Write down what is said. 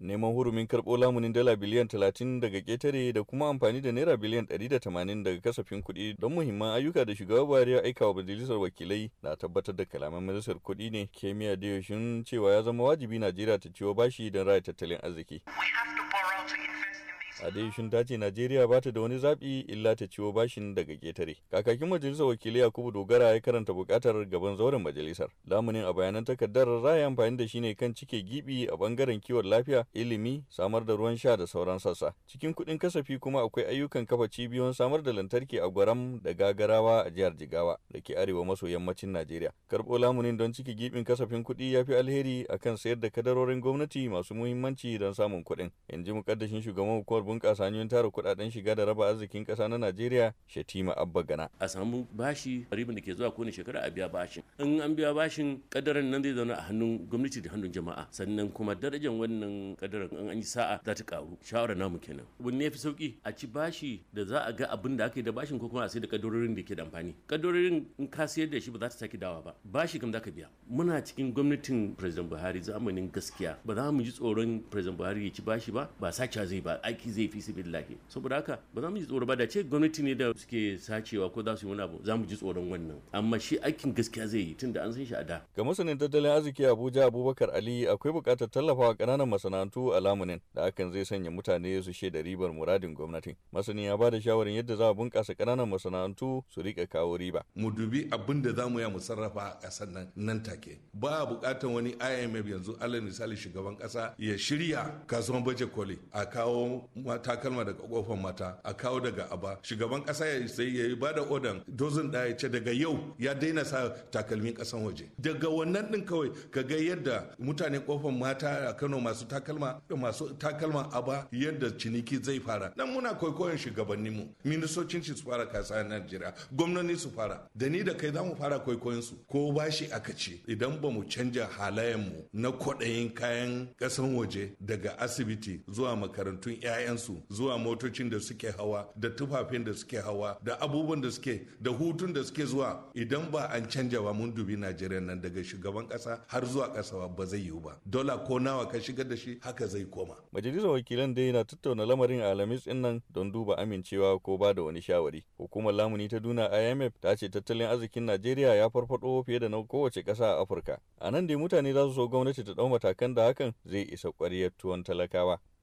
neman hurumin karɓo lamunin dala biliyan 30 daga ƙetare da kuma amfani da naira biliyan 180 daga kasafin kuɗi don muhimman ayyuka da shugaba buhari ya aika wa majalisar wakilai na tabbatar da kalaman majalisar kuɗi ne kemiya da yaushin cewa ya zama wajibi najeriya ta ciwo bashi don raya tattalin arziki. a shun ta ce Najeriya ba ta da wani zaɓi illa ta ciwo bashin daga ketare Kakakin majalisar wakilai Yakubu Dogara ya karanta buƙatar gaban zauren majalisar. Lamunin a bayanan takardar yi amfani da shi ne kan cike gibi a bangaren kiwon lafiya, ilimi, samar da ruwan sha da sauran sassa. Cikin kuɗin kasafi kuma akwai ayyukan kafa cibiyoyin samar da lantarki a Gwaram da Gagarawa a jihar Jigawa da ke arewa maso yammacin Najeriya. Karɓo lamunin don cike gibin kasafin kuɗi ya fi alheri akan sayar da kadarorin gwamnati masu muhimmanci don samun kuɗin. In ji mukaddashin shugaban hukumar bunƙasa hanyoyin tara kuɗaɗen shiga da raba arzikin ƙasa na Najeriya Shatima Abba Gana. A samu bashi ribin da ke zuwa kowane shekara a biya bashin. In an biya bashin kadaran nan zai zauna a hannun gwamnati da hannun jama'a sannan kuma darajar wannan kadaran in an yi sa'a za ta karu. Shawara namu kenan. wani ne fi sauki a ci bashi da za a ga abin da aka yi da bashin ko kuma a sai da kadarorin da ke da amfani. Kadarorin in ka sayar da shi ba za ta sake dawa ba. Bashi kam za ka biya. Muna cikin gwamnatin President Buhari zamanin gaskiya ba za mu ji tsoron President Buhari ya ci bashi ba ba sace zai ba aiki zai zai fi su billahi saboda haka ba za mu ji tsoro ba da ce gwamnati ne da suke sacewa ko za su yi wani abu za mu ji tsoron wannan amma shi aikin gaskiya zai yi tunda an san shi a da ga masanin tattalin arziki Abuja Abubakar Ali akwai buƙatar tallafawa ƙananan masana'antu a lamunin da hakan zai sanya mutane su shaida ribar muradin gwamnati masanin ya da shawarin yadda za a bunƙasa ƙananan masana'antu su riƙa kawo riba mu dubi abin da za mu ya mu sarrafa a ƙasar nan nan take ba a buƙatar wani IMF yanzu alal misali shugaban ƙasa ya shirya kasuwan baje koli a kawo takalma daga kofar mata a kawo daga aba shugaban kasa ya sai ya ba da odan dozin da ya ce daga yau ya daina sa takalmin kasan waje daga wannan din kawai ka ga yadda mutane kofar mata a Kano masu takalma masu takalma aba yadda ciniki zai fara nan muna kwaikwayon shugabannin mu ministocin su fara kasa Najeriya gwamnati su fara da ni da kai zamu fara kwaikwayon su ko bashi aka ce idan ba mu canja halayen mu na kwaɗayin kayan kasan waje daga asibiti zuwa makarantun 'ya'ya 'ya'yansu zuwa motocin da suke hawa da tufafin da suke hawa da abubuwan da suke da hutun da suke zuwa idan ba an canja ba mun dubi najeriya nan daga shugaban kasa har zuwa kasa ba zai yiwu ba dola ko nawa ka shigar da shi haka zai koma majalisar wakilan dai na tattauna lamarin alamis din nan don duba amincewa ko ba da wani shawari hukumar lamuni ta duna imf ta ce tattalin arzikin najeriya ya farfado fiye da na kowace kasa a afirka a nan dai mutane za su so gwamnati ta dau matakan da hakan zai isa ƙwariyar tuwon talakawa